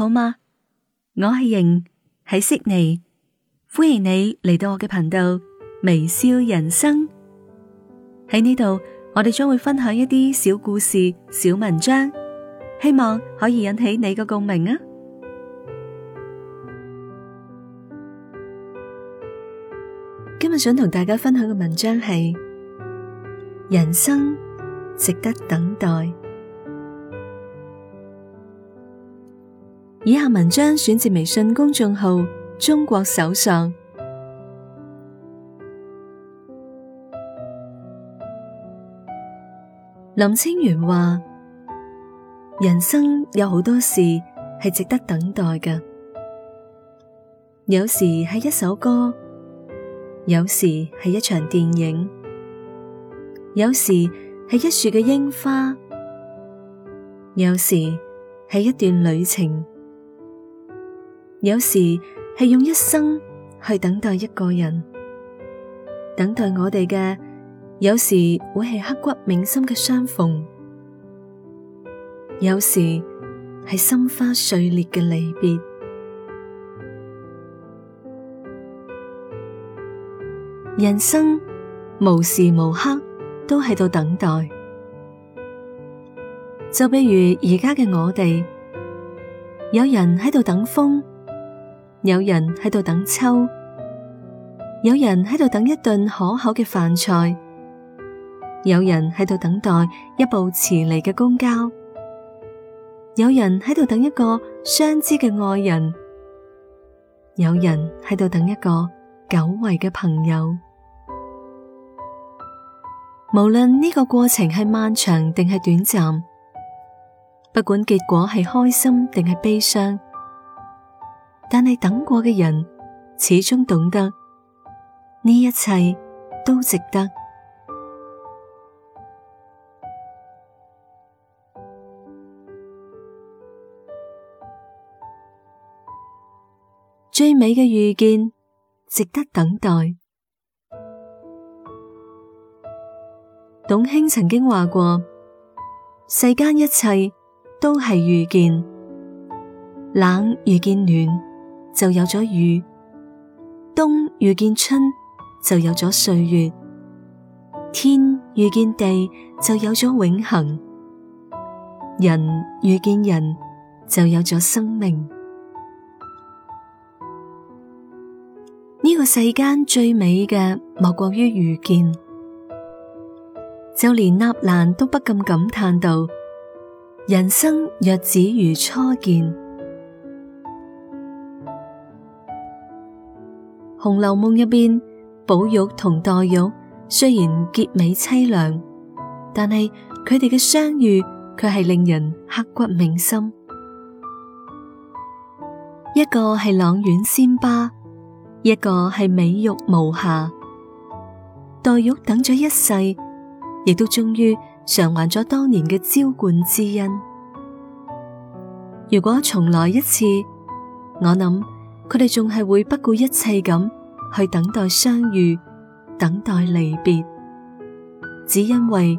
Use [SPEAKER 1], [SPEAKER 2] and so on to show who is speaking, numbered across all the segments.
[SPEAKER 1] 好嗎？我係瑩，喺悉尼，歡迎你嚟到我嘅頻道微笑人生。喺呢度，我哋將會分享一啲小故事、小文章，希望可以引起你嘅共鳴啊！今日想同大家分享嘅文章係：人生值得等待。以下文章選自微信公眾號《中國首相》。林清玄話：人生有好多事係值得等待㗎，有時係一首歌，有時係一場電影，有時係一樹嘅櫻花，有時係一段旅程。有時係用一生去等待一個人，等待我哋嘅，有時會係刻骨銘心嘅相逢，有時係心花碎裂嘅離別。人生無時無刻都喺度等待，就比如而家嘅我哋，有人喺度等風。有人喺度等秋，有人喺度等一頓可口嘅飯菜，有人喺度等待一部遲嚟嘅公交，有人喺度等一個相知嘅愛人，有人喺度等一個久違嘅朋友。無論呢個過程係漫長定係短暫，不管結果係開心定係悲傷。但係等過嘅人始終懂得，呢一切都值得。最美嘅遇見值得等待。董卿曾經話過：世間一切都係遇見，冷遇見暖。就有咗雨，冬遇見春就有咗歲月；天遇見地就有咗永恒；人遇見人就有咗生命。呢個世間最美嘅，莫過於遇見。就連納蘭都不禁感嘆道：人生若只如初見。《紅樓夢》入邊，寶玉同黛玉雖然結尾淒涼，但係佢哋嘅相遇，卻係令人刻骨銘心。一個係閬苑仙葩，一個係美玉無瑕。黛玉等咗一世，亦都終於償還咗當年嘅澆灌之恩。如果重來一次，我諗。佢哋仲係會不顧一切咁去等待相遇，等待離別，只因為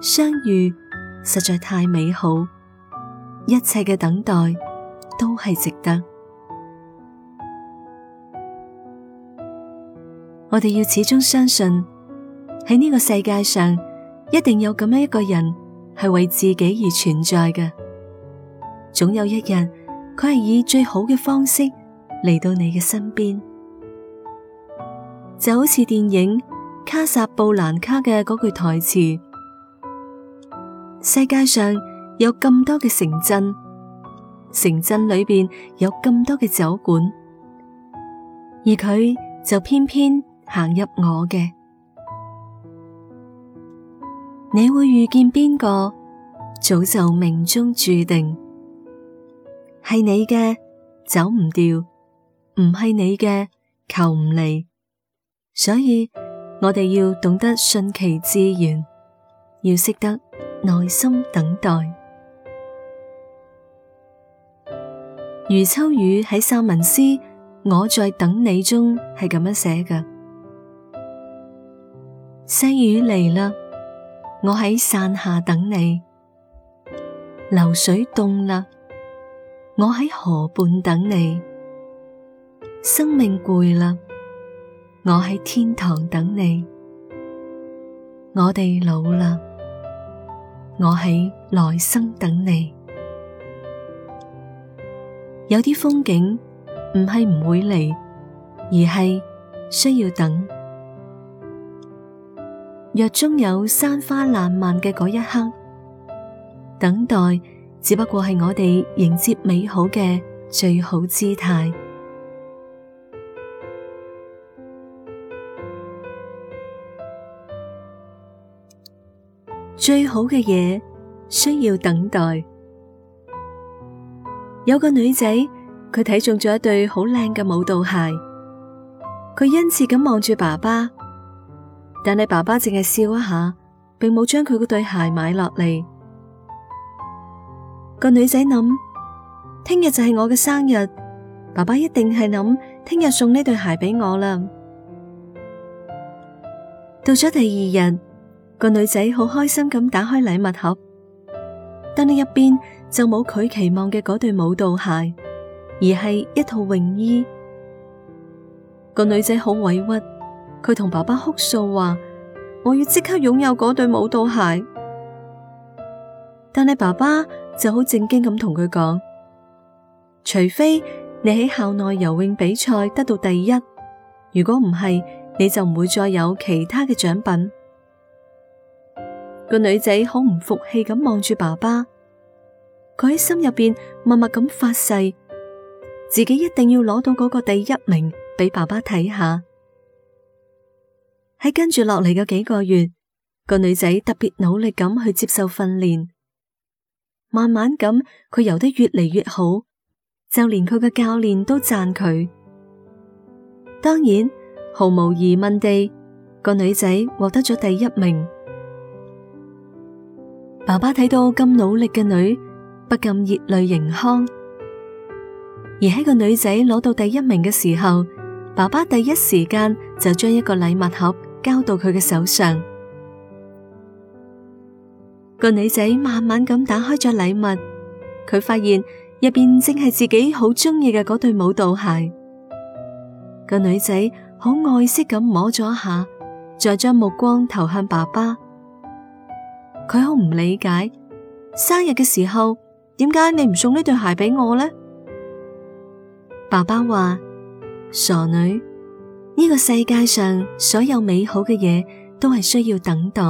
[SPEAKER 1] 相遇實在太美好，一切嘅等待都係值得。我哋要始終相信，喺呢個世界上，一定有咁樣一個人係為自己而存在嘅，總有一日，佢係以最好嘅方式。嚟到你嘅身邊，就好似電影《卡薩布蘭卡》嘅嗰句台詞：世界上有咁多嘅城鎮，城鎮裏邊有咁多嘅酒館，而佢就偏偏行入我嘅。你會遇見邊個，早就命中注定，係你嘅，走唔掉。唔係你嘅，求唔嚟，所以我哋要懂得順其自然，要識得耐心等待。余秋雨喺《散文詩我在等你》中係咁樣寫嘅：細雨嚟啦，我喺傘下等你；流水凍啦，我喺河畔等你。生命攰啦，我喺天堂等你；我哋老啦，我喺來生等你。有啲風景唔係唔會嚟，而係需要等。若終有山花爛漫嘅嗰一刻，等待只不過係我哋迎接美好嘅最好姿態。最好嘅嘢需要等待。有個女仔，佢睇中咗一對好靚嘅舞蹈鞋，佢殷切咁望住爸爸，但係爸爸淨係笑一下，並冇將佢嗰對鞋買落嚟。個女仔諗：「聽日就係我嘅生日，爸爸一定係諗聽日送呢對鞋俾我啦。」到咗第二日。個女仔好開心咁打開禮物盒，但係入邊就冇佢期望嘅嗰對舞蹈鞋，而係一套泳衣。個女仔好委屈，佢同爸爸哭訴話：我要即刻擁有嗰對舞蹈鞋。但係爸爸就好正經咁同佢講：除非你喺校內游泳比賽得到第一，如果唔係，你就唔會再有其他嘅獎品。個女仔好唔服氣咁望住爸爸，佢喺心入邊默默咁發誓，自己一定要攞到嗰個第一名俾爸爸睇下。喺跟住落嚟嘅幾個月，個女仔特別努力咁去接受訓練，慢慢咁佢游得越嚟越好，就連佢嘅教練都讚佢。當然，毫無疑問地，個女仔獲得咗第一名。爸爸睇到咁努力嘅女，不禁熱淚盈眶。而喺個女仔攞到第一名嘅時候，爸爸第一時間就將一個禮物盒交到佢嘅手上。個女仔慢慢咁打開咗禮物，佢發現入邊正係自己好鍾意嘅嗰對舞蹈鞋。個女仔好愛惜咁摸咗一下，再將目光投向爸爸。佢好唔理解生日嘅時候點解你唔送呢對鞋俾我呢？爸爸話：傻女，呢個世界上所有美好嘅嘢都係需要等待。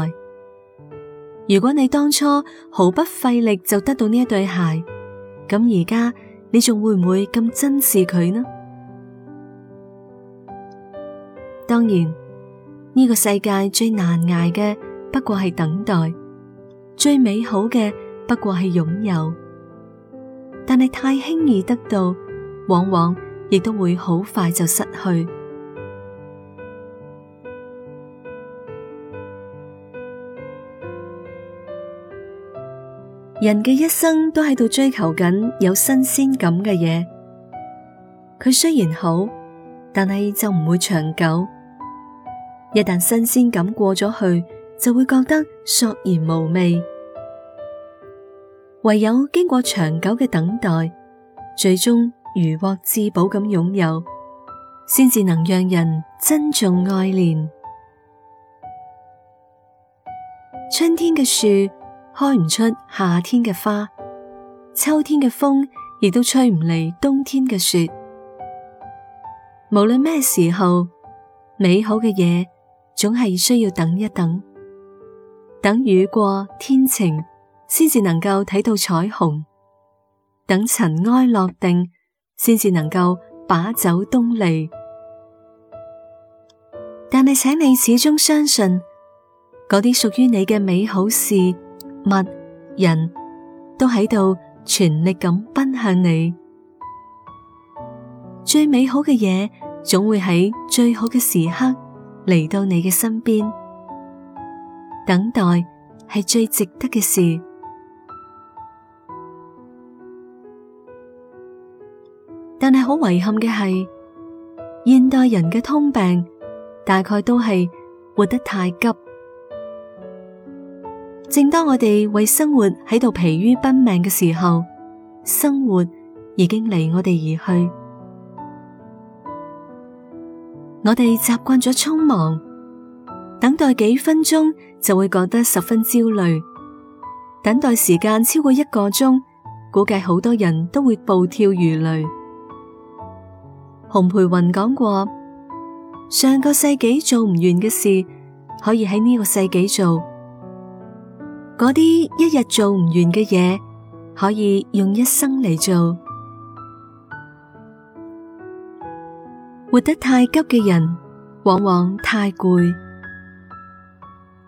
[SPEAKER 1] 如果你當初毫不費力就得到呢一對鞋，咁而家你仲會唔會咁珍視佢呢？當然，呢個世界最難捱嘅不過係等待。最美好嘅不過係擁有，但係太輕易得到，往往亦都會好快就失去。 人嘅一生都喺度追求緊有新鮮感嘅嘢，佢雖然好，但係就唔會長久。一旦新鮮感過咗去，就會覺得索然無味，唯有經過長久嘅等待，最終如獲至寶咁擁有，先至能讓人珍重愛戀。 春天嘅樹開唔出夏天嘅花，秋天嘅風亦都吹唔嚟冬天嘅雪。無論咩時候，美好嘅嘢總係需要等一等。等雨過天晴，先至能夠睇到彩虹，等塵埃落定，先至能夠把酒東籬。但係，請你始終相信，嗰啲屬於你嘅美好事物、人都喺度全力咁奔向你。最美好嘅嘢，總會喺最好嘅時刻嚟到你嘅身邊。等待係最值得嘅事，但係好遺憾嘅係，現代人嘅通病大概都係活得太急。正當我哋為生活喺度疲於奔命嘅時候，生活已經離我哋而去，我哋習慣咗匆忙。等待幾分鐘就會覺得十分焦慮，等待時間超過一個鐘，估計好多人都會暴跳如雷。洪培雲講過：上個世紀做唔完嘅事，可以喺呢個世紀做；嗰啲一日做唔完嘅嘢，可以用一生嚟做。活得太急嘅人，往往太攰。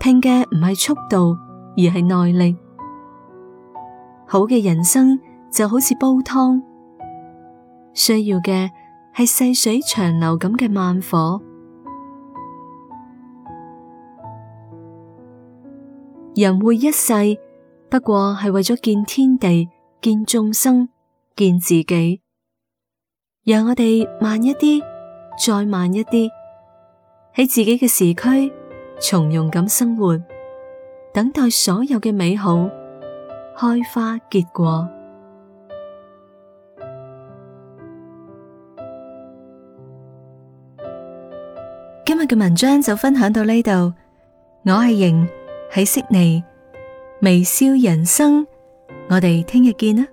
[SPEAKER 1] 拼嘅唔係速度，而係耐力。好嘅人生就好似煲湯，需要嘅係細水長流咁嘅慢火。人活一世，不過係為咗見天地、見眾生、見自己。讓我哋慢一啲，再慢一啲，喺自己嘅時區，從容咁生活，等待所有嘅美好開花結果。今日嘅文章就分享到呢度，我係瑩喺悉尼微笑人生，我哋聽日見啦。